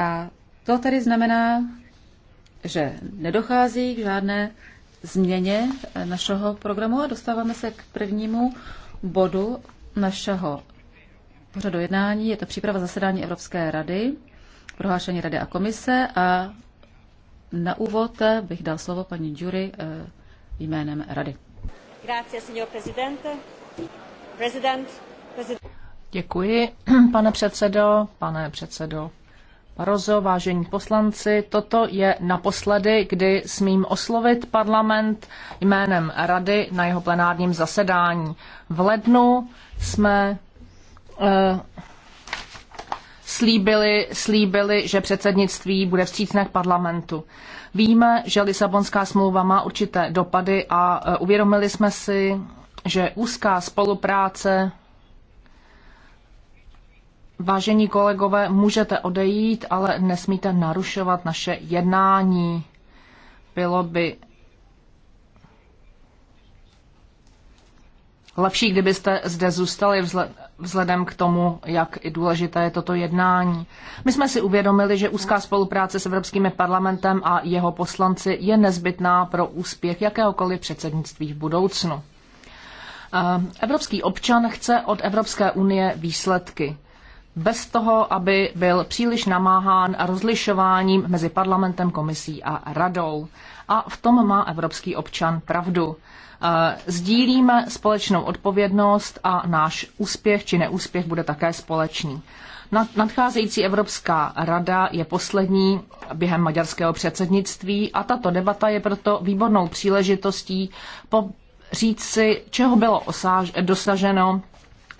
A to tedy znamená, že nedochází k žádné změně eh, našeho programu a dostáváme se k prvnímu bodu našeho pořadu jednání. Je to příprava zasedání Evropské rady, prohlášení rady a komise a na úvod eh, bych dal slovo paní Jury eh, jménem rady. Děkuji, pane předsedo, pane předsedo Barozo, vážení poslanci, toto je naposledy, kdy smím oslovit parlament jménem Rady na jeho plenárním zasedání. V lednu jsme uh, slíbili, slíbili, že předsednictví bude vstřícné k parlamentu. Víme, že Lisabonská smlouva má určité dopady a eh, uvědomili jsme si, že úzká spolupráce Vážení kolegové, můžete odejít, ale nesmíte narušovat naše jednání. Bylo by lepší, kdybyste zde zůstali vzhledem k tomu, jak důležité je toto jednání. My jsme si uvědomili, že úzká spolupráce s Evropským parlamentem a jeho poslanci je nezbytná pro úspěch jakéhokoliv předsednictví v budoucnu. Ehm, evropský občan chce od Evropské unie výsledky bez toho, aby byl příliš namáhán rozlišováním mezi parlamentem, komisí a radou. A v tom má evropský občan pravdu. Eh, sdílíme společnou odpovědnost a náš úspěch či neúspěch bude také společný. Nadcházející Evropská rada je poslední během maďarského předsednictví a tato debata je proto výbornou příležitostí po říct si, čeho bylo dosaženo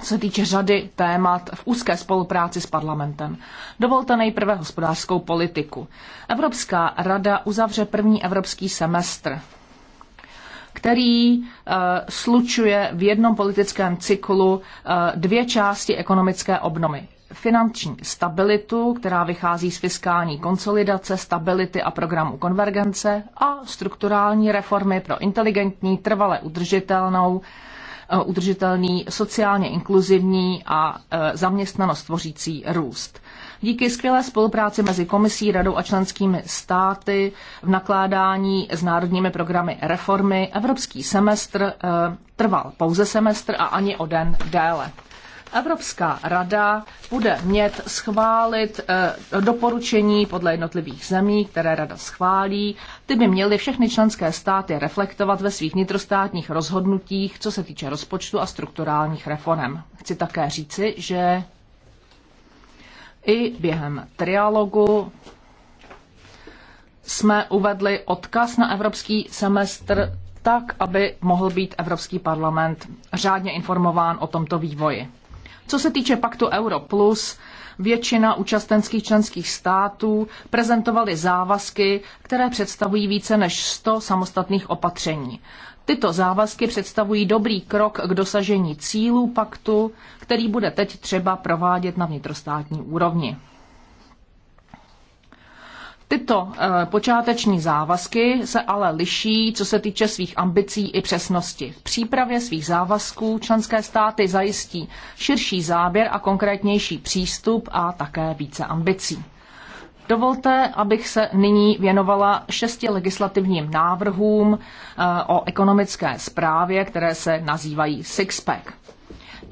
se týče řady témat v úzké spolupráci s parlamentem. Dovolte nejprve hospodářskou politiku. Evropská rada uzavře první evropský semestr který uh, slučuje v jednom politickém cyklu uh, dvě části ekonomické obnovy. Finanční stabilitu, která vychází z fiskální konsolidace, stability a programu konvergence a strukturální reformy pro inteligentní, trvale udržitelnou Eh, udržitelný, sociálně inkluzivní a eh, zaměstnanost tvořící růst. Díky skvělé spolupráci mezi komisí, radou a členskými státy v nakládání s národními programy reformy evropský semestr eh, trval pouze semestr a ani o den déle. Evropská rada bude mět schválit eh, doporučení podle jednotlivých zemí, které rada schválí. Ty by měly všechny členské státy reflektovat ve svých nitrostátních rozhodnutích, co se týče rozpočtu a strukturálních reform. Chci také říci, že i během trialogu jsme uvedli odkaz na evropský semestr tak, aby mohl být Evropský parlament řádně informován o tomto vývoji. Co se týče paktu Euro+, plus, většina účastenských členských států prezentovaly závazky, které představují více než 100 samostatných opatření. Tyto závazky představují dobrý krok k dosažení cílů paktu, který bude teď třeba provádět na vnitrostátní úrovni. Tyto eh, počáteční závazky se ale liší, co se týče svých ambicí i přesnosti. V přípravě svých závazků členské státy zajistí širší záběr a konkrétnější přístup a také více ambicí. Dovolte, abych se nyní věnovala šesti legislativním návrhům eh, o ekonomické správě, které se nazývají Sixpack.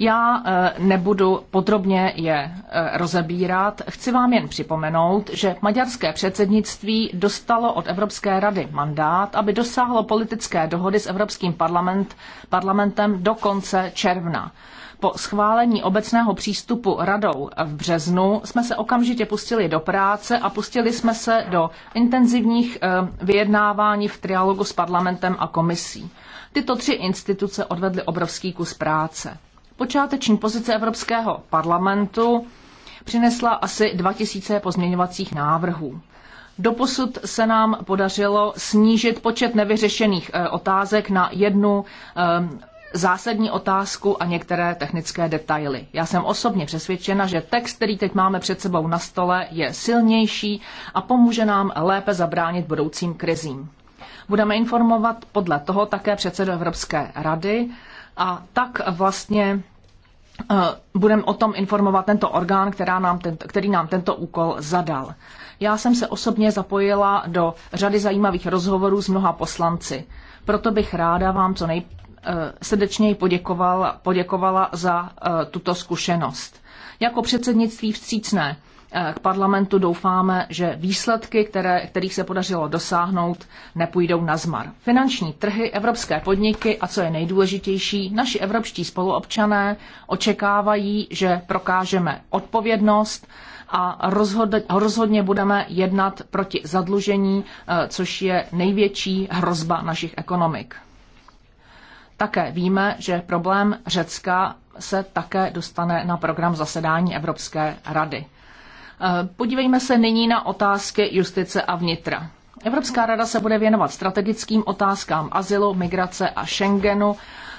Já eh, nebudu podrobně je eh, rozebírat. Chci vám jen připomenout, že maďarské předsednictví dostalo od Evropské rady mandát, aby dosáhlo politické dohody s Evropským parlament, parlamentem do konce června. Po schválení obecného přístupu radou v březnu jsme se okamžitě pustili do práce a pustili jsme se do intenzivních eh, vyjednávání v trialogu s parlamentem a komisí. Tyto tři instituce odvedly obrovský kus práce. Počáteční pozice Evropského parlamentu přinesla asi 2000 pozměňovacích návrhů. Doposud se nám podařilo snížit počet nevyřešených eh, otázek na jednu ehm, zásadní otázku a některé technické detaily. Já jsem osobně přesvědčena, že text, který teď máme před sebou na stole, je silnější a pomůže nám lépe zabránit budoucím krizím. Budeme informovat podle toho také předsedu Evropské rady a tak vlastně eh, budeme o tom informovat tento orgán, která nám tento, který nám tento úkol zadal. Já jsem se osobně zapojila do řady zajímavých rozhovorů s mnoha poslanci. Proto bych ráda vám co nejsrdečněji eh, poděkovala, poděkovala za eh, tuto zkušenost. Jako předsednictví vstřícné Eh, k parlamentu doufáme, že výsledky, které, kterých se podařilo dosáhnout, nepůjdou na zmar. Finanční trhy, evropské podniky a co je nejdůležitější, naši evropští spoluobčané očekávají, že prokážeme odpovědnost a rozhodne, rozhodně budeme jednat proti zadlužení, eh, což je největší hrozba našich ekonomik. Také víme, že problém Řecka se také dostane na program zasedání Evropské rady. Eh, podívejme se nyní na otázky justice a vnitra. Evropská rada se bude věnovat strategickým otázkám azylu, migrace a Schengenu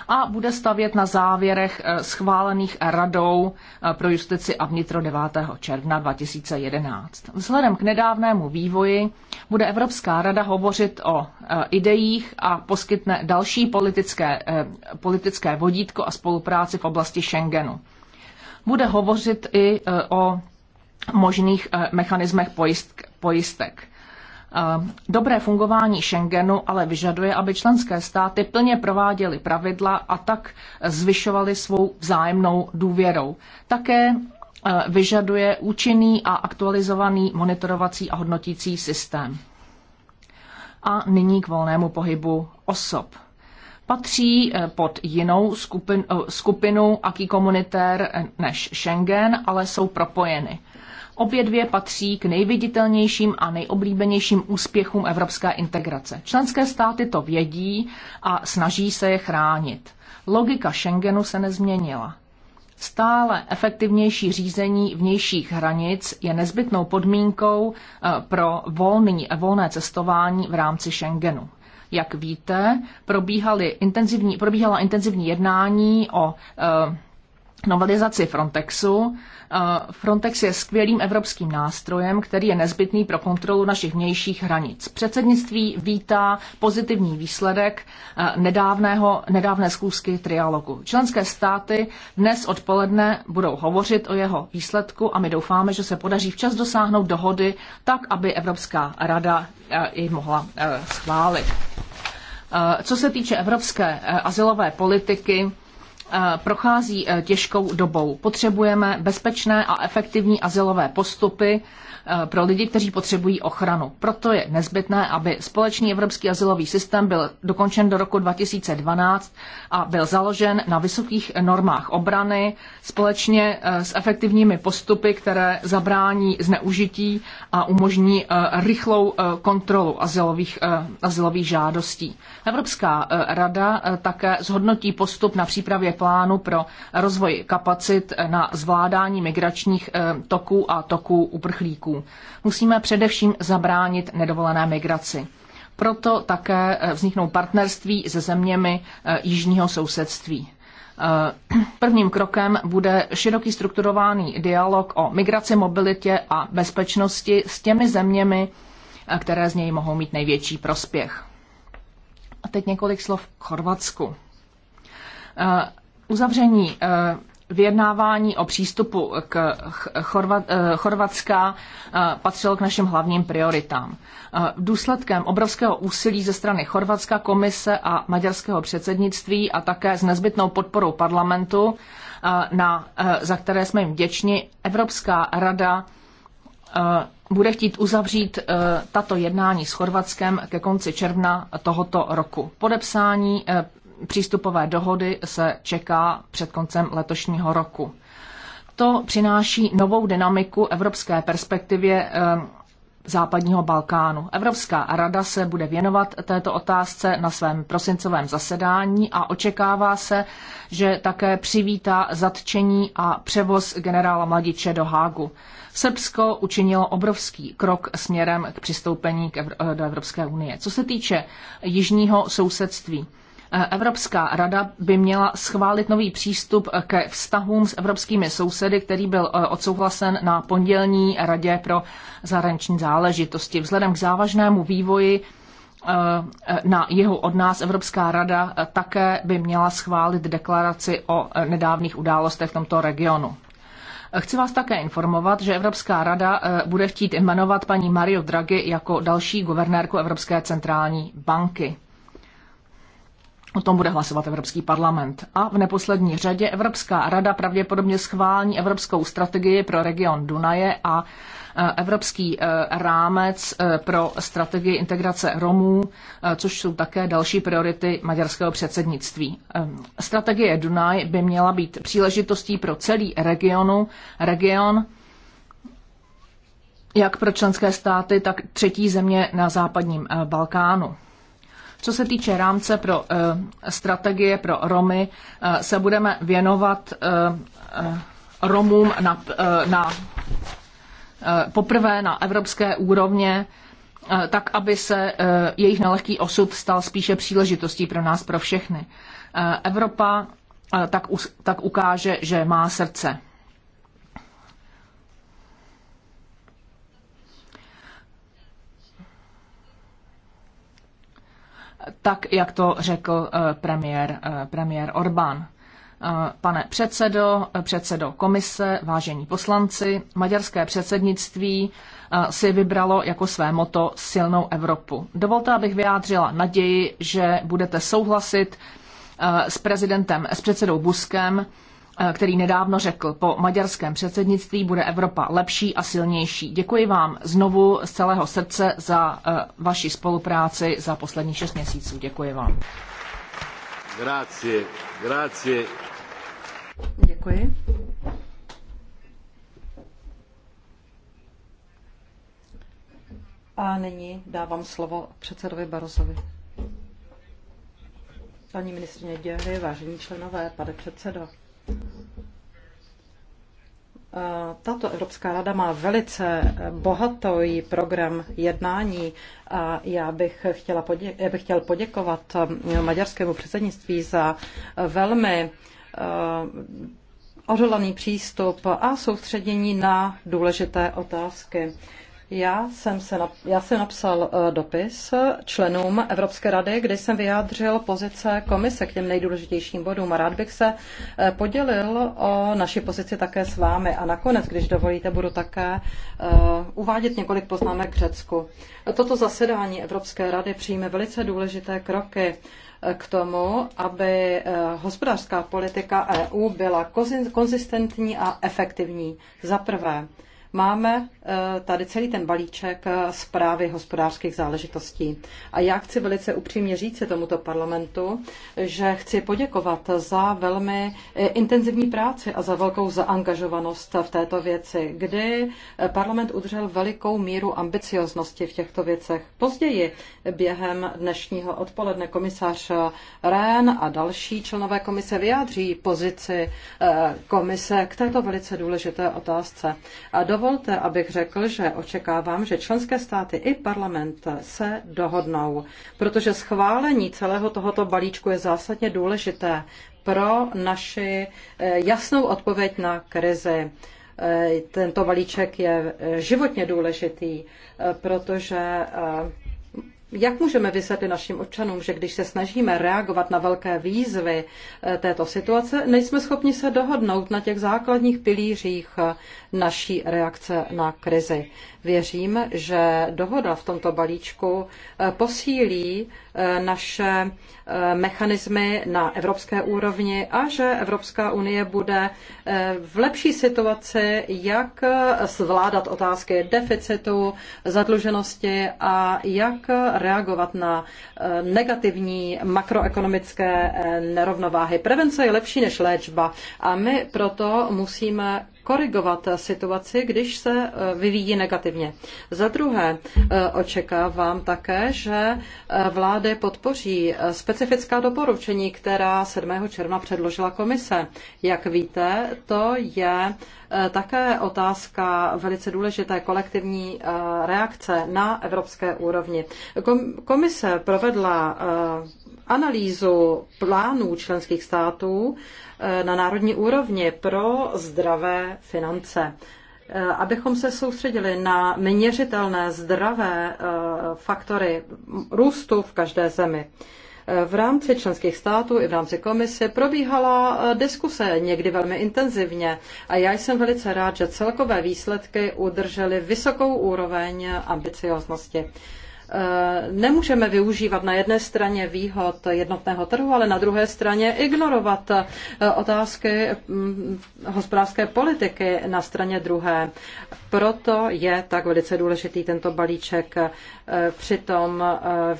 a bude stavět na závěrech eh, schválených Radou eh, pro justici a vnitro 9. června 2011. Vzhledem k nedávnému vývoji bude Evropská rada hovořit o ideích a poskytne další politické, politické vodítko a spolupráci v oblasti Schengenu. Bude hovořit i o možných eh, mechanismech pojistek. Eh, dobré fungování Schengenu ale vyžaduje, aby členské státy plně prováděly pravidla a tak zvyšovaly svou vzájemnou důvěrou. Také eh, vyžaduje účinný a aktualizovaný monitorovací a hodnotící systém. A nyní k volnému pohybu osob. Patří pod jinou skupin, skupinu aký komunitér než Schengen, ale jsou propojeny. Obě dvě patří k nejviditelnějším a nejoblíbenějším úspěchům evropské integrace. Členské státy to vědí a snaží se je chránit. Logika Schengenu se nezměnila. Stále efektivnější řízení vnějších hranic je nezbytnou podmínkou eh, pro volný, volné cestování v rámci Schengenu. Jak víte, probíhaly intenzivní, probíhala intenzivní jednání o eh, novelizaci Frontexu. Eh, Frontex je skvělým evropským nástrojem, který je nezbytný pro kontrolu našich vnějších hranic. Předsednictví vítá pozitivní výsledek eh, nedávného, nedávné zkoušky trialogu. Členské státy dnes odpoledne budou hovořit o jeho výsledku a my doufáme, že se podaří včas dosáhnout dohody tak, aby Evropská rada eh, ji mohla schválit. Co se týče evropské asilové politiky, Eh, prochází eh, těžkou dobou. Potřebujeme bezpečné a efektivní azylové postupy eh, pro lidi, kteří potřebují ochranu. Proto je nezbytné, aby společný evropský azylový systém byl dokončen do roku 2012 a byl založen na vysokých normách obrany společně s efektivními postupy, které zabrání zneužití a umožní rychlou kontrolu azylových, azylových žádostí. Evropská rada také zhodnotí postup na přípravě plánu pro rozvoj kapacit na zvládání migračních eh, toků a toků uprchlíků. Musíme především zabránit nedovolené migraci. Proto také eh, vzniknou partnerství se zeměmi eh, jižního sousedství. Prvním krokem bude široký strukturovaný dialog o migraci, mobilitě a bezpečnosti s těmi zeměmi, které z něj mohou mít největší prospěch. A teď několik slov k Chorvatsku. Uzavření eh, vyjednávání o přístupu k eh, Chorvatska eh, patřilo k našim hlavním prioritám. Důsledkem obrovského úsilí ze strany Chorvatska, komise a maďarského předsednictví a také s nezbytnou podporou parlamentu, na, za které jsme jim vděční, Evropská rada bude chtít uzavřít tato jednání s Chorvatskem ke konci června tohoto roku. Podepsání přístupové dohody se čeká před koncem letošního roku. To přináší novou dynamiku evropské perspektivě eh, západního Balkánu. Evropská rada se bude věnovat této otázce na svém prosincovém zasedání a očekává se, že také přivítá zatčení a převoz generála Mladiče do Hágu. Srbsko učinilo obrovský krok směrem k přistoupení k Evro- eh, do Evropské unie. Co se týče jižního sousedství, Evropská rada by měla schválit nový přístup ke vztahům s evropskými sousedy, který byl eh, odsouhlasen na pondělní radě pro zahraniční záležitosti. Vzhledem k závažnému vývoji eh, eh, na jihu od nás Evropská rada také by měla schválit deklaraci o nedávných událostech v tomto regionu. Chci vás také informovat, že Evropská rada bude chtít jmenovat paní Mario Draghi jako další guvernérku Evropské centrální banky. O tom bude hlasovat Evropský parlament. A v neposlední řadě Evropská rada pravděpodobně schválí Evropskou strategii pro region Dunaje a e, Evropský e, rámec e, pro strategii integrace Romů, což jsou také další priority maďarského předsednictví. Strategie Dunaj by měla být příležitostí pro celý regionu, region jak pro členské státy, tak třetí země na západním Balkánu. Co se týče rámce pro eh, strategie pro Romy, eh, se budeme věnovat eh, Romům na, na, poprvé na evropské úrovně, tak aby se jejich nelehký osud stal spíše příležitostí pro nás, pro všechny. Evropa tak, tak ukáže, že má srdce. tak jak to řekl eh, premiér, eh, premiér Orbán. Eh, pane předsedo, předsedo komise, vážení poslanci, maďarské předsednictví si vybralo jako své moto silnou Evropu. Dovolte, abych vyjádřila naději, že budete souhlasit s prezidentem, s předsedou Buskem Eh, který nedávno řekl, po maďarském předsednictví bude Evropa lepší a silnější. Děkuji vám znovu z celého srdce za eh, vaši spolupráci za posledních šest měsíců. Děkuji vám. Grazie, grazie. Děkuji. A nyní dávám slovo předsedovi Barosovi. Paní ministrině Děry, vážení členové, pane předsedo, tato Evropská rada má velice eh, bohatý program jednání a já bych, chtěla podě- já bych chtěl poděkovat eh, maďarskému předsednictví za eh, velmi odhodlaný přístup a soustředění na důležité otázky. Já jsem, se, já jsem napsal eh, dopis členům Evropské rady, kde jsem vyjádřil pozice komise k těm nejdůležitějším bodům a rád bych se eh, podělil o naši pozici také s vámi. A nakonec, když dovolíte, budu také eh, uvádět několik poznámek k Řecku. Toto zasedání Evropské rady přijme velice důležité kroky k tomu, aby hospodářská politika EU byla konzistentní a efektivní. Za prvé, Máme eh, tady celý ten balíček eh, zprávy hospodářských záležitostí. A já chci velice upřímně říct tomuto parlamentu, že chci poděkovat za velmi eh, intenzivní práci a za velkou zaangažovanost v této věci, kdy parlament udržel velikou míru ambicioznosti v těchto věcech. Později během dnešního odpoledne komisař Rehn a další členové komise vyjádří pozici komise k této velice důležité otázce. A do Dovolte, abych řekl, že očekávám, že členské státy i parlament se dohodnou, protože schválení celého tohoto balíčku je zásadně důležité pro naši eh, jasnou odpověď na krizi. Eh, tento balíček je eh, životně důležitý, protože jak můžeme vysvětlit našim občanům, že když se snažíme reagovat na velké výzvy této situace, nejsme schopni se dohodnout na těch základních pilířích naší reakce na krizi. Věřím, že dohoda v tomto balíčku eh, posílí eh, naše eh, mechanismy na evropské úrovni a že Evropská unie bude v lepší situaci, jak zvládat otázky deficitu, zadluženosti a jak reagovat na negativní makroekonomické nerovnováhy. Prevence je lepší než léčba a my proto musíme korigovat situaci, když se eh, vyvíjí negativně. Za druhé, eh, očekávám také, že eh, vlády podpoří specifická doporučení, která 7. června předložila komise. Jak víte, to je také otázka velice důležité kolektivní reakce na evropské úrovni. Komise provedla analýzu plánů členských států eh, na národní úrovni pro zdravé finance. Eh, abychom se soustředili na měřitelné zdravé eh, faktory růstu v každé zemi. V rámci členských států i v rámci komise probíhala diskuse někdy velmi intenzivně a já jsem velice rád, že celkové výsledky udržely vysokou úroveň ambicioznosti. Eh, nemůžeme využívat na jedné straně výhod jednotného trhu, ale na druhé straně ignorovat eh, otázky mm, hospodářské politiky na straně druhé. Proto je tak velice důležitý tento balíček. Eh, přitom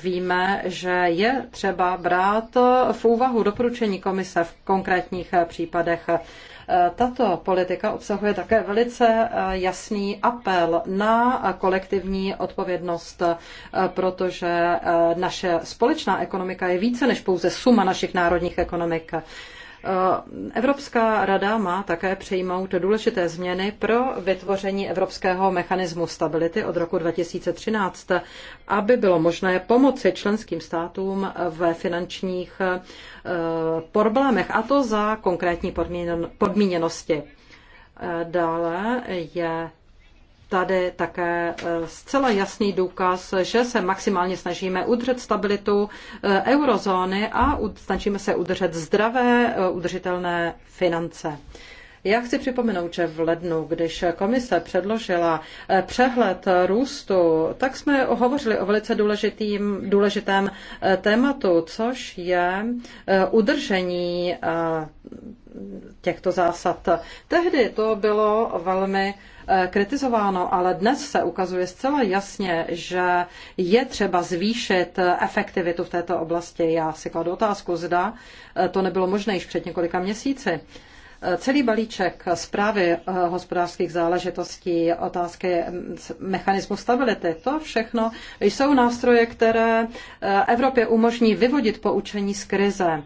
víme, že je třeba brát v úvahu doporučení komise v konkrétních případech. Tato politika obsahuje také velice eh, jasný apel na kolektivní odpovědnost, eh, protože eh, naše společná ekonomika je více než pouze suma našich národních ekonomik. Eh, Evropská rada má také přijmout důležité změny pro vytvoření Evropského mechanismu stability od roku 2013, aby bylo možné pomoci členským státům ve finančních eh, problémech, a to za konkrétní podmíněnosti. Eh, dále je tady také eh, zcela jasný důkaz, že se maximálně snažíme udržet stabilitu eh, eurozóny a snažíme se udržet zdravé, eh, udržitelné finance. Já chci připomenout, že v lednu, když komise předložila eh, přehled růstu, tak jsme hovořili o velice důležitým, důležitém eh, tématu, což je eh, udržení těchto zásad. Tehdy to bylo velmi kritizováno, ale dnes se ukazuje zcela jasně, že je třeba zvýšit efektivitu v této oblasti. Já si kladu otázku, zda to nebylo možné již před několika měsíci. Celý balíček zprávy eh, hospodářských záležitostí, otázky mm, mechanismu stability, to všechno jsou nástroje, které eh, Evropě umožní vyvodit poučení z krize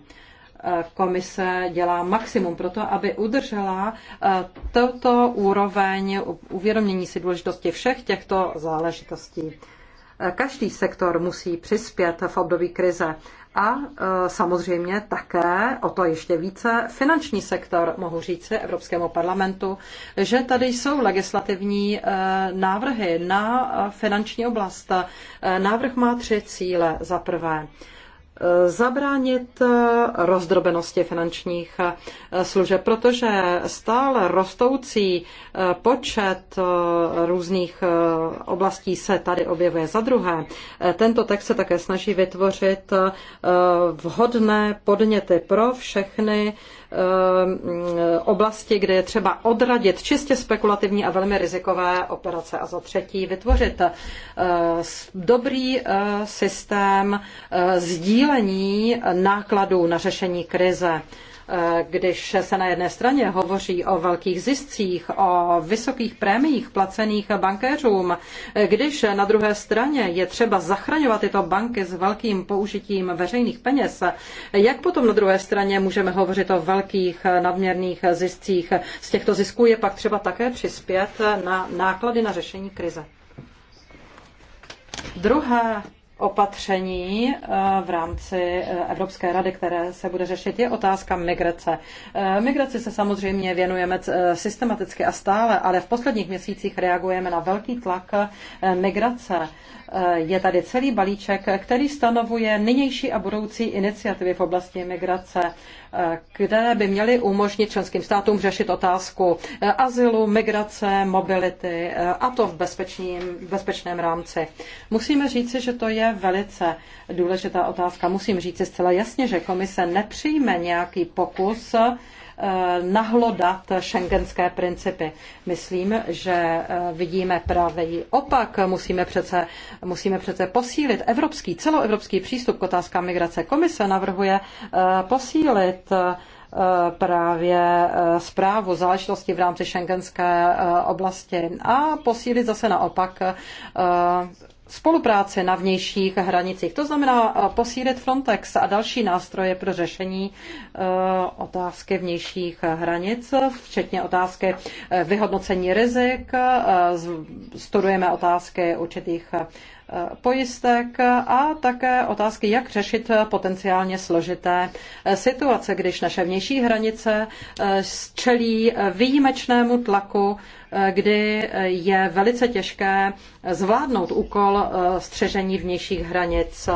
eh, komise dělá maximum pro to, aby udržela toto úroveň uvědomění si důležitosti všech těchto záležitostí. Každý sektor musí přispět v období krize a e, samozřejmě také, o to ještě více, finanční sektor, mohu říci Evropskému parlamentu, že tady jsou legislativní e, návrhy na e, finanční oblast. Návrh má tři cíle. Za prvé, zabránit rozdrobenosti finančních eh, služeb, protože stále rostoucí eh, počet eh, různých oblastí se tady objevuje. Za druhé, tento text se také snaží vytvořit vhodné podněty pro všechny Eh, oblasti, kde je třeba odradit čistě spekulativní a velmi rizikové operace. A za třetí vytvořit eh, dobrý eh, systém sdílení nákladů na řešení krize Eh, když se na jedné straně hovoří o velkých ziscích, o vysokých prémiích placených bankéřům, eh, když na druhé straně je třeba zachraňovat tyto banky s velkým použitím veřejných peněz, jak potom na druhé straně můžeme hovořit o velkých eh, nadměrných ziscích? Z těchto zisků je pak třeba také přispět na náklady na řešení krize. Druhé opatření eh, v rámci eh, Evropské rady, které se bude řešit, je otázka migrace. Eh, migraci se samozřejmě věnujeme systematicky a stále, ale v posledních měsících reagujeme na velký tlak migrace. Je tady celý balíček, který stanovuje nynější a budoucí iniciativy v oblasti migrace které by měly umožnit členským státům řešit otázku eh, azylu, migrace, mobility eh, a to v, bezpečným, v bezpečném rámci. Musíme říci, že to je velice důležitá otázka. Musím říci zcela jasně, že komise nepřijme nějaký pokus Eh, nahlodat šengenské principy. Myslím, že eh, vidíme pravý opak. Musíme přece, musíme přece posílit evropský, celoevropský přístup k otázkám migrace. Komise navrhuje eh, posílit právě zprávu záležitosti v rámci šengenské oblasti a posílit zase naopak spolupráci na vnějších hranicích. To znamená eh, posílit Frontex a další nástroje pro řešení eh, otázky vnějších hranic, včetně otázky eh, vyhodnocení rizik. Studujeme otázky určitých pojistek a také otázky, jak řešit potenciálně složité situace, když naše vnější hranice eh, čelí výjimečnému tlaku, eh, kdy je velice těžké zvládnout úkol eh, střežení vnějších hranic.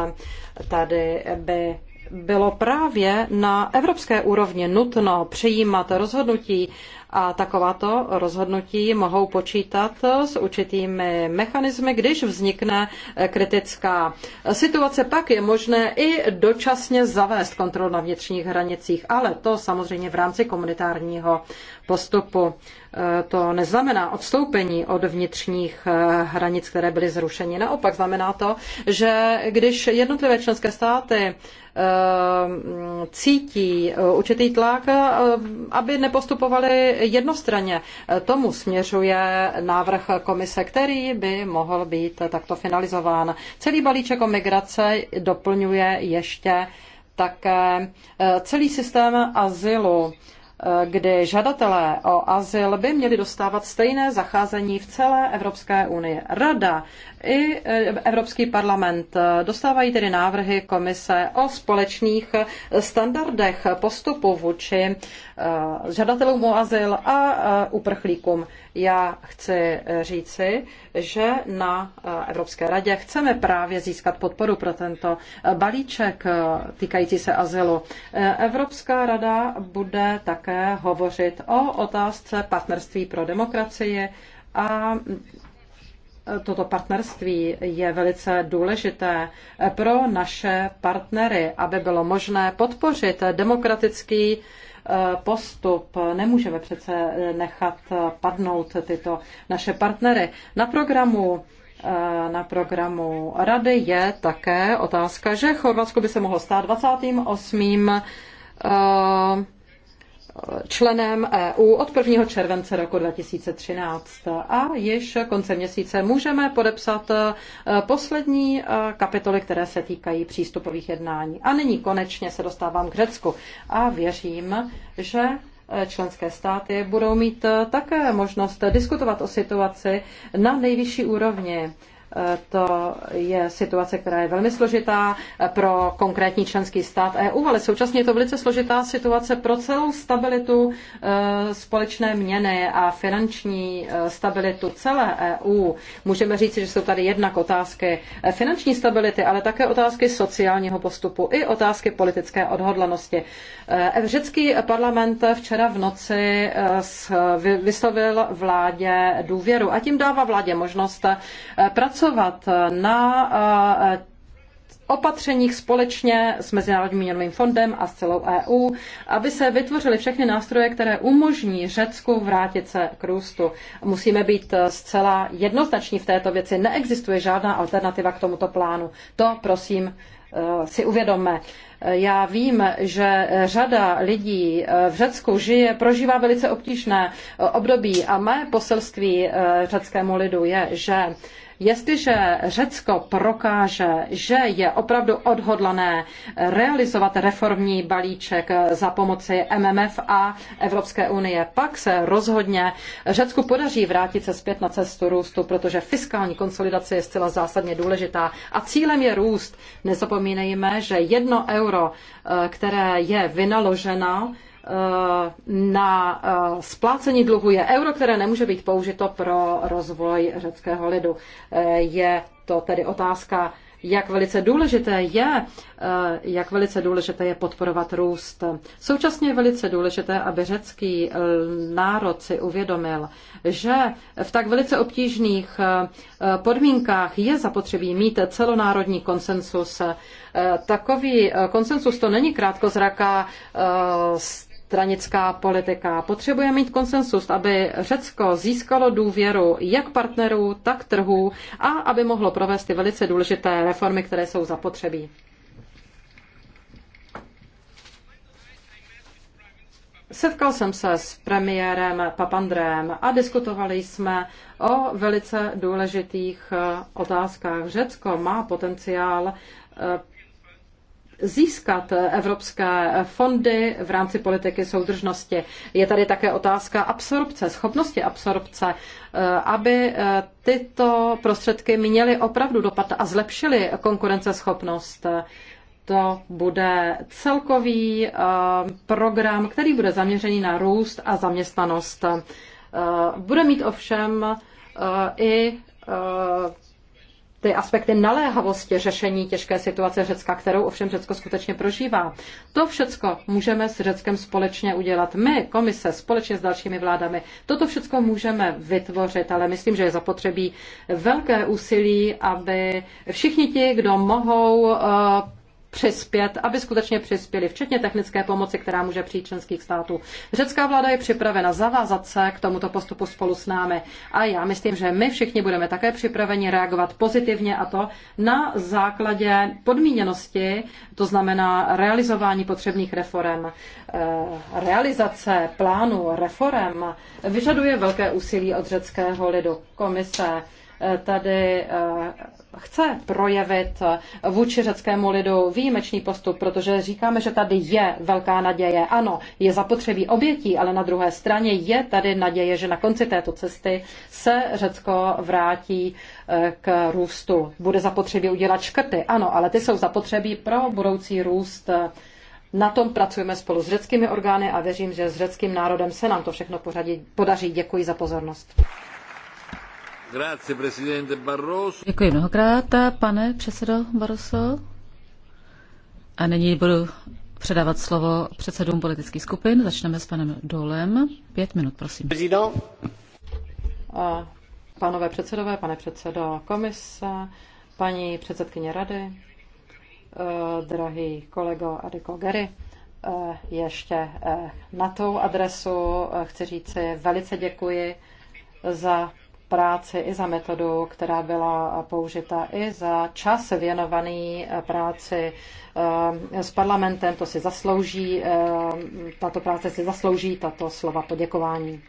Tady by bylo právě na evropské úrovni nutno přijímat rozhodnutí, a takováto rozhodnutí mohou počítat s určitými mechanismy, když vznikne eh, kritická situace, pak je možné i dočasně zavést kontrolu na vnitřních hranicích, ale to samozřejmě v rámci komunitárního postupu. E, to neznamená odstoupení od vnitřních e, hranic, které byly zrušeny. Naopak znamená to, že když jednotlivé členské státy e, cítí určitý tlak, aby nepostupovali jednostranně. Tomu směřuje návrh komise, který by mohl být takto finalizován. Celý balíček o migrace doplňuje ještě také celý systém azylu Eh, kdy žadatelé o azyl by měli dostávat stejné zacházení v celé Evropské unii. Rada i eh, Evropský parlament eh, dostávají tedy návrhy komise o společných standardech postupu vůči Eh, žadatelům o azyl a eh, uprchlíkům. Já chci eh, říci, že na Evropské radě chceme právě získat podporu pro tento balíček týkající se azylu. Evropská rada bude také hovořit o otázce partnerství pro demokracii a toto partnerství je velice důležité pro naše partnery, aby bylo možné podpořit demokratický Eh, postup. Nemůžeme přece eh, nechat eh, padnout tyto naše partnery. Na programu na programu rady je také otázka, že Chorvatsko by se mohlo stát 28 členem EU od 1. července roku 2013 a již konce měsíce můžeme podepsat eh, poslední eh, kapitoly, které se týkají přístupových jednání. A nyní konečně se dostávám k Řecku a věřím, že eh, členské státy budou mít také možnost diskutovat o situaci na nejvyšší úrovni to je situace, která je velmi složitá pro konkrétní členský stát EU, ale současně je to velice složitá situace pro celou stabilitu eh, společné měny a finanční eh, stabilitu celé EU. Můžeme říct, že jsou tady jednak otázky eh, finanční stability, ale také otázky sociálního postupu i otázky politické odhodlanosti. Řecký parlament včera v noci vyslovil vládě důvěru a tím dává vládě možnost pracovat pracovat na eh, opatřeních společně s Mezinárodním měnovým fondem a s celou EU, aby se vytvořily všechny nástroje, které umožní Řecku vrátit se k růstu. Musíme být eh, zcela jednoznační v této věci. Neexistuje žádná alternativa k tomuto plánu. To prosím eh, si uvědomme. Já vím, že řada lidí v Řecku žije, prožívá velice obtížné období a mé poselství řeckému lidu je, že Jestliže Řecko prokáže, že je opravdu odhodlané realizovat reformní balíček za pomoci MMF a Evropské unie, pak se rozhodně Řecku podaří vrátit se zpět na cestu růstu, protože fiskální konsolidace je zcela zásadně důležitá a cílem je růst. Nezapomínejme, že jedno euro, eh, které je vynaloženo, na eh, splácení dluhu je euro, které nemůže být použito pro rozvoj řeckého lidu. Eh, je to tedy otázka, jak velice důležité je, eh, jak velice důležité je podporovat růst. Současně je velice důležité, aby řecký národ si uvědomil, že v tak velice obtížných podmínkách je zapotřebí mít celonárodní konsensus. Takový konsensus to není krátkozraká stranická politika. Potřebuje mít konsensus, aby Řecko získalo důvěru jak partnerů, tak trhů a aby mohlo provést ty velice důležité reformy, které jsou zapotřebí. Setkal jsem se s premiérem Papandrem a diskutovali jsme o velice důležitých eh, otázkách. Řecko má potenciál eh, získat evropské fondy v rámci politiky soudržnosti. Je tady také otázka absorpce, schopnosti absorpce, eh, aby eh, tyto prostředky měly opravdu dopad a zlepšily konkurenceschopnost. To bude celkový eh, program, který bude zaměřený na růst a zaměstnanost. Bude mít ovšem i ty aspekty naléhavosti řešení těžké situace Řecka, kterou ovšem Řecko skutečně prožívá. To všecko můžeme s Řeckem společně udělat. My, komise, společně s dalšími vládami, toto všecko můžeme vytvořit, ale myslím, že je zapotřebí velké úsilí, aby všichni ti, kdo mohou eh, přispět, aby skutečně přispěli, včetně technické pomoci, která může přijít členských států. Řecká vláda je připravena zavázat se k tomuto postupu spolu s námi a já myslím, že my všichni budeme také připraveni reagovat pozitivně a to na základě podmíněnosti, to znamená realizování potřebných reform. Eh, realizace plánu reform vyžaduje velké úsilí od řeckého lidu. Komise Eh, tady eh, chce projevit eh, vůči řeckému lidu výjimečný postup, protože říkáme, že tady je velká naděje. Ano, je zapotřebí obětí, ale na druhé straně je tady naděje, že na konci této cesty se Řecko vrátí k růstu. Bude zapotřebí udělat škrty, ano, ale ty jsou zapotřebí pro budoucí růst na tom pracujeme spolu s řeckými orgány a věřím, že s řeckým národem se nám to všechno pořadí, podaří. Děkuji za pozornost. Děkuji mnohokrát, pane předsedo Barroso. A nyní budu předávat slovo předsedům politických skupin. Začneme s panem Dolem. Pět minut, prosím. Pánové předsedové, pane předsedo komise, paní předsedkyně rady, eh, drahý kolego Adiko Gary, eh, ještě eh, na tou adresu chci říci velice děkuji za práci i za metodu, která byla použita, i za čas věnovaný eh, práci eh, s parlamentem. To si zaslouží, eh, tato práce si zaslouží tato slova poděkování.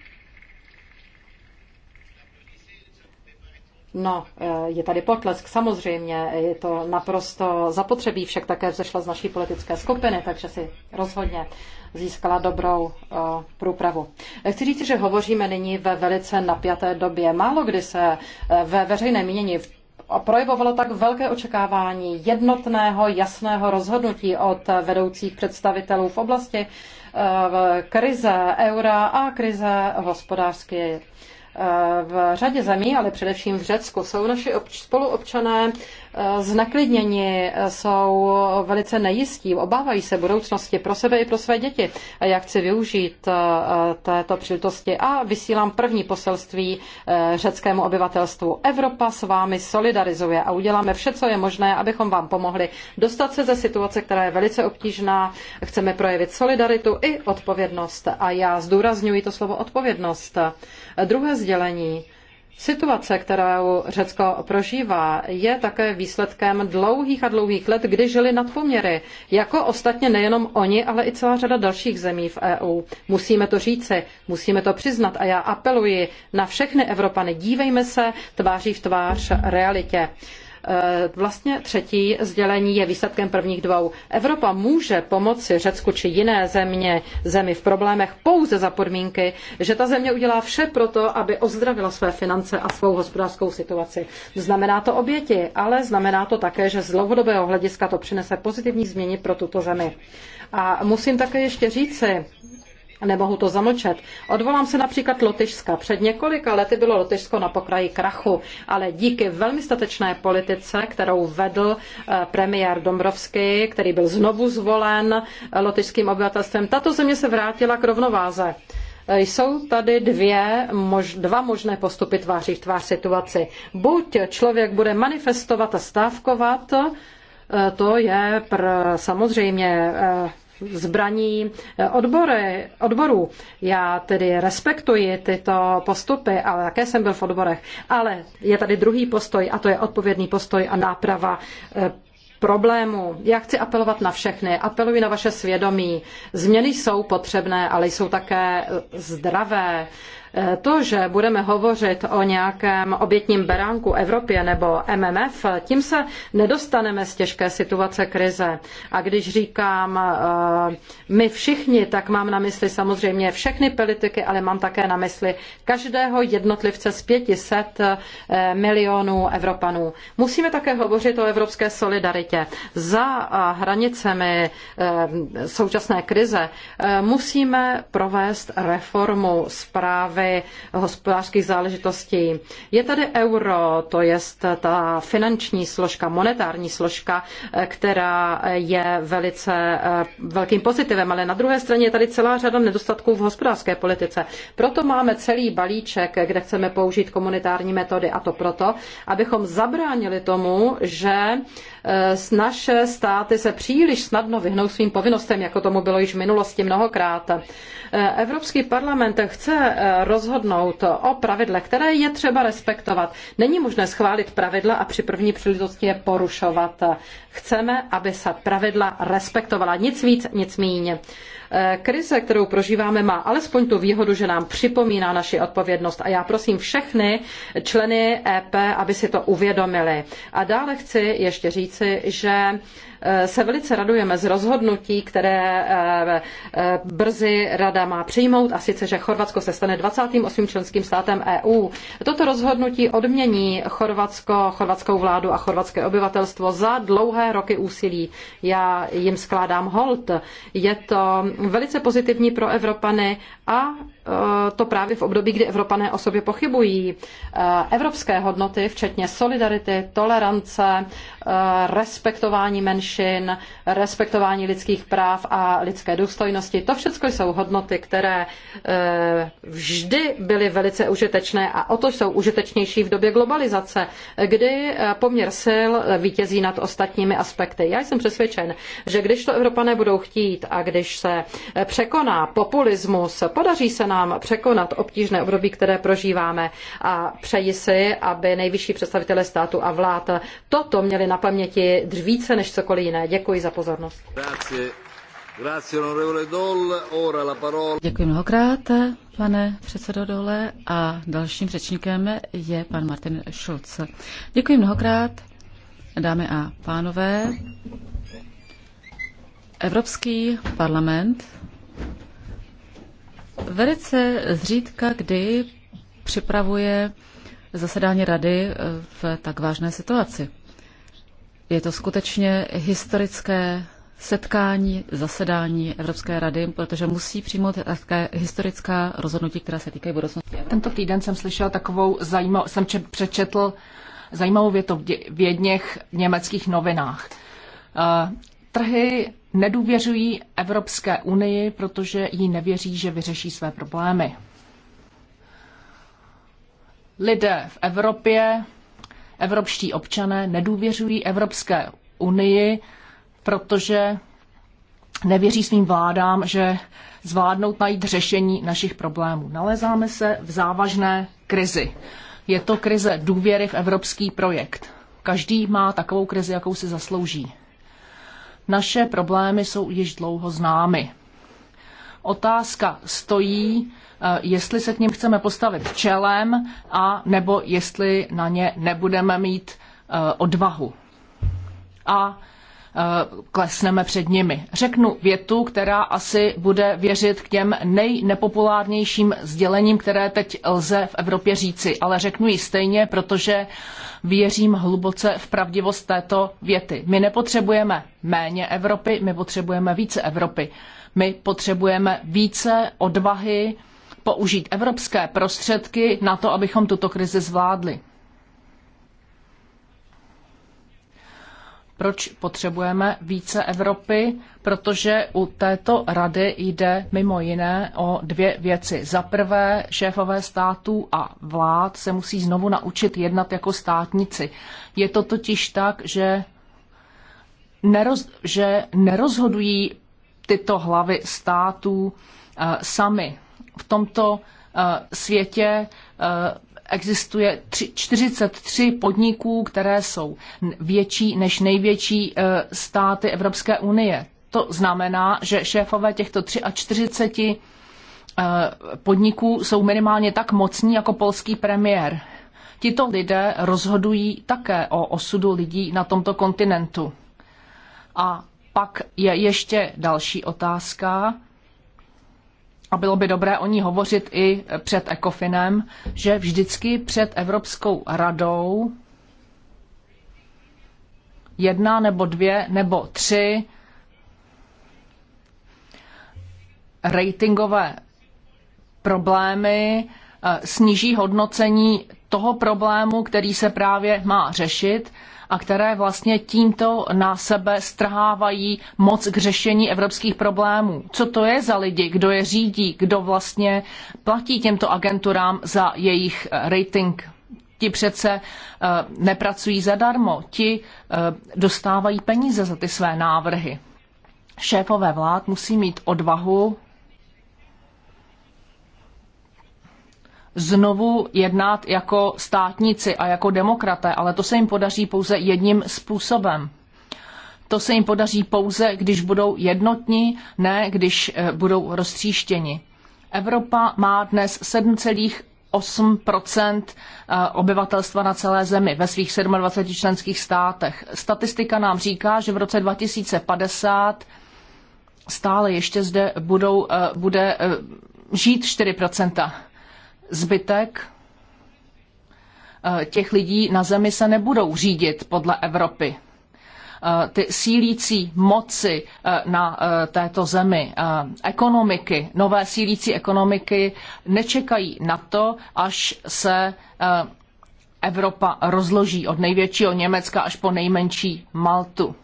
No, je tady potlesk, samozřejmě, je to naprosto zapotřebí, však také vzešla z naší politické skupiny, takže si rozhodně získala dobrou eh, průpravu. Chci říct, že hovoříme nyní ve velice napjaté době. Málo kdy se eh, ve veřejné mínění projevovalo tak velké očekávání jednotného, jasného rozhodnutí od vedoucích představitelů v oblasti eh, krize eura a krize hospodářské. V řadě zemí, ale především v Řecku, jsou naši spoluobčané Eh, znaklidněni, eh, jsou velice nejistí, obávají se budoucnosti pro sebe i pro své děti. A já chci využít eh, této příležitosti a vysílám první poselství řeckému obyvatelstvu. Evropa s vámi solidarizuje a uděláme vše, co je možné, abychom vám pomohli dostat se ze situace, která je velice obtížná. Chceme projevit solidaritu i odpovědnost. A já zdůrazňuji to slovo odpovědnost. Druhé sdělení Situace, kterou Řecko prožívá, je také výsledkem dlouhých a dlouhých let, kdy žili nad poměry, jako ostatně nejenom oni, ale i celá řada dalších zemí v EU. Musíme to říci, musíme to přiznat a já apeluji na všechny Evropany, dívejme se tváří v tvář realitě. Eh, vlastně třetí sdělení je výsledkem prvních dvou. Evropa může pomoci Řecku či jiné země, zemi v problémech pouze za podmínky, že ta země udělá vše pro to, aby ozdravila své finance a svou hospodářskou situaci. Znamená to oběti, ale znamená to také, že z dlouhodobého hlediska to přinese pozitivní změny pro tuto zemi. A musím také ještě říci, Nemohu to zamlčet. Odvolám se například Lotyšska. Před několika lety bylo Lotyšsko na pokraji krachu, ale díky velmi statečné politice, kterou vedl eh, premiér Dombrovský, který byl znovu zvolen eh, lotyšským obyvatelstvem, tato země se vrátila k rovnováze. Eh, jsou tady dvě, mož, dva možné postupy tváří v tvář situaci. Buď člověk bude manifestovat a stávkovat, to je pr, samozřejmě zbraní eh, odbory, odborů. Já tedy respektuji tyto postupy, ale také jsem byl v odborech. Ale je tady druhý postoj a to je odpovědný postoj a náprava eh, problému. Já chci apelovat na všechny, apeluji na vaše svědomí. Změny jsou potřebné, ale jsou také eh, zdravé. To, že budeme hovořit o nějakém obětním beránku Evropě nebo MMF, tím se nedostaneme z těžké situace krize. A když říkám eh, my všichni, tak mám na mysli samozřejmě všechny politiky, ale mám také na mysli každého jednotlivce z 500 eh, milionů Evropanů. Musíme také hovořit o evropské solidaritě. Za eh, hranicemi současné krize musíme provést reformu zprávy zprávy hospodářských záležitostí. Je tady euro, to je ta finanční složka, monetární složka, eh, která je velice eh, velkým pozitivem, ale na druhé straně je tady celá řada nedostatků v hospodářské politice. Proto máme celý balíček, kde chceme použít komunitární metody a to proto, abychom zabránili tomu, že eh, naše státy se příliš snadno vyhnou svým povinnostem, jako tomu bylo již v minulosti mnohokrát. Evropský parlament chce rozhodnout o pravidlech, které je třeba respektovat. Není možné schválit pravidla a při první příležitosti je porušovat. Chceme, aby se pravidla respektovala. Nic víc, nic míň. Eh, krize, kterou prožíváme, má alespoň tu výhodu, že nám připomíná naši odpovědnost. A já prosím všechny členy EP, aby si to uvědomili. A dále chci ještě říci, že eh, se velice radujeme z rozhodnutí, které eh, brzy rada má přijmout, a sice, že Chorvatsko se stane 28 členským státem EU. Toto rozhodnutí odmění Chorvatsko, chorvatskou vládu a chorvatské obyvatelstvo za dlouhé roky úsilí. Já jim skládám hold. Je to velice pozitivní pro Evropany a Eh, to právě v období, kdy Evropané o sobě pochybují. Eh, evropské hodnoty, včetně solidarity, tolerance, eh, respektování menšin, respektování lidských práv a lidské důstojnosti, to všechno jsou hodnoty, které vždy byly velice užitečné a o to jsou užitečnější v době globalizace, kdy poměr sil vítězí nad ostatními aspekty. Já jsem přesvědčen, že když to Evropané budou chtít a když se překoná populismus, podaří se nám překonat obtížné období, které prožíváme a přeji si, aby nejvyšší představitelé státu a vlád toto měli na paměti dřívíce než cokoliv jiné. Děkuji za pozornost. Děkuji mnohokrát, pane předsedo Dole. A dalším řečníkem je pan Martin Schulz. Děkuji mnohokrát, dámy a pánové. Evropský parlament velice zřídka kdy připravuje zasedání rady eh, v tak vážné situaci. Je to skutečně historické setkání, zasedání Evropské rady, protože musí přijmout také historická rozhodnutí, která se týkají budoucnosti. Tento týden jsem slyšel takovou zajímavou, jsem přečetl zajímavou větu v, dě, v jedněch německých novinách. Uh, trhy nedůvěřují Evropské unii, protože jí nevěří, že vyřeší své problémy. Lidé v Evropě, evropští občané nedůvěřují Evropské unii, protože nevěří svým vládám, že zvládnou najít řešení našich problémů. Nalezáme se v závažné krizi. Je to krize důvěry v evropský projekt. Každý má takovou krizi, jakou si zaslouží. Naše problémy jsou již dlouho známy. Otázka stojí, eh, jestli se k ním chceme postavit čelem a nebo jestli na ně nebudeme mít eh, odvahu. A Eh, klesneme před nimi. Řeknu větu, která asi bude věřit k těm nejnepopulárnějším sdělením, které teď lze v Evropě říci, ale řeknu ji stejně, protože věřím hluboce v pravdivost této věty. My nepotřebujeme méně Evropy, my potřebujeme více Evropy. My potřebujeme více odvahy použít evropské prostředky na to, abychom tuto krizi zvládli. Proč potřebujeme více Evropy? Protože u této rady jde mimo jiné o dvě věci. Za prvé, šéfové států a vlád se musí znovu naučit jednat jako státnici. Je to totiž tak, že, neroz, že nerozhodují tyto hlavy států uh, sami. V tomto uh, světě uh, existuje 43 podniků, které jsou větší než největší e, státy Evropské unie. To znamená, že šéfové těchto 43 e, podniků jsou minimálně tak mocní jako polský premiér. Tito lidé rozhodují také o osudu lidí na tomto kontinentu. A pak je ještě další otázka, a bylo by dobré o ní hovořit i před ECOFINem, že vždycky před Evropskou radou jedna nebo dvě nebo tři ratingové problémy eh, sníží hodnocení toho problému, který se právě má řešit a které vlastně tímto na sebe strhávají moc k řešení evropských problémů. Co to je za lidi, kdo je řídí, kdo vlastně platí těmto agenturám za jejich eh, rating? Ti přece uh, nepracují zadarmo, ti uh, dostávají peníze za ty své návrhy. Šéfové vlád musí mít odvahu znovu jednat jako státníci a jako demokraté, ale to se jim podaří pouze jedním způsobem. To se jim podaří pouze, když budou jednotní, ne když eh, budou roztříštěni. Evropa má dnes 7,8 eh, obyvatelstva na celé zemi ve svých 27 členských státech. Statistika nám říká, že v roce 2050 stále ještě zde budou, eh, bude žít 4 Zbytek eh, těch lidí na zemi se nebudou řídit podle Evropy. Eh, ty sílící moci eh, na této zemi, ekonomiky, nové sílící ekonomiky nečekají na to, až se Evropa rozloží od největšího Německa až po nejmenší Maltu.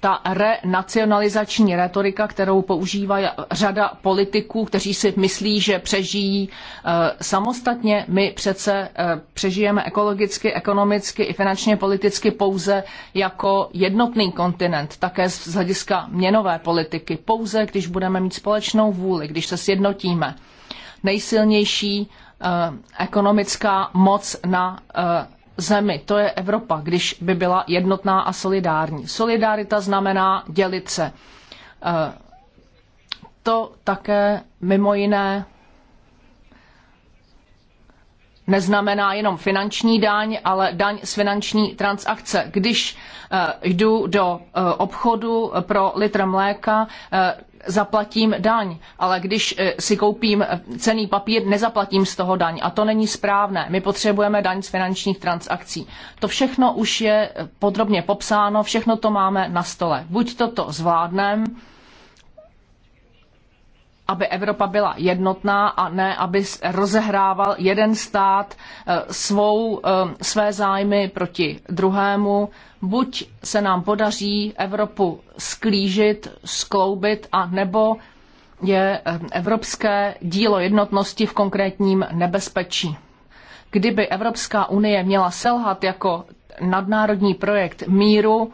ta renacionalizační retorika, kterou používá řada politiků, kteří si myslí, že přežijí eh, samostatně. My přece eh, přežijeme ekologicky, ekonomicky i finančně politicky pouze jako jednotný kontinent, také z hlediska měnové politiky, pouze když budeme mít společnou vůli, když se sjednotíme. Nejsilnější eh, ekonomická moc na zemi. To je Evropa, když by byla jednotná a solidární. Solidarita znamená dělit se. Eh, to také mimo jiné neznamená jenom finanční daň, ale daň z finanční transakce. Když eh, jdu do eh, obchodu pro litr mléka, zaplatím daň, ale když e, si koupím e, cený papír, nezaplatím z toho daň. A to není správné. My potřebujeme daň z finančních transakcí. To všechno už je e, podrobně popsáno, všechno to máme na stole. Buď toto zvládneme, aby Evropa byla jednotná a ne, aby rozehrával jeden stát eh, svou, eh, své zájmy proti druhému. Buď se nám podaří Evropu sklížit, skloubit, a nebo je eh, evropské dílo jednotnosti v konkrétním nebezpečí. Kdyby Evropská unie měla selhat jako nadnárodní projekt míru,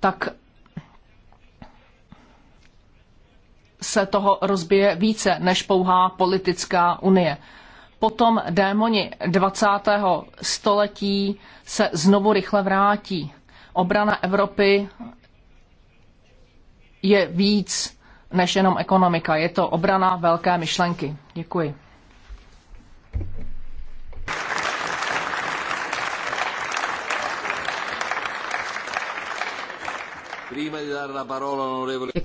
tak se toho rozbije více než pouhá politická unie. Potom démoni 20. století se znovu rychle vrátí. Obrana Evropy je víc než jenom ekonomika. Je to obrana velké myšlenky. Děkuji. Děkuji.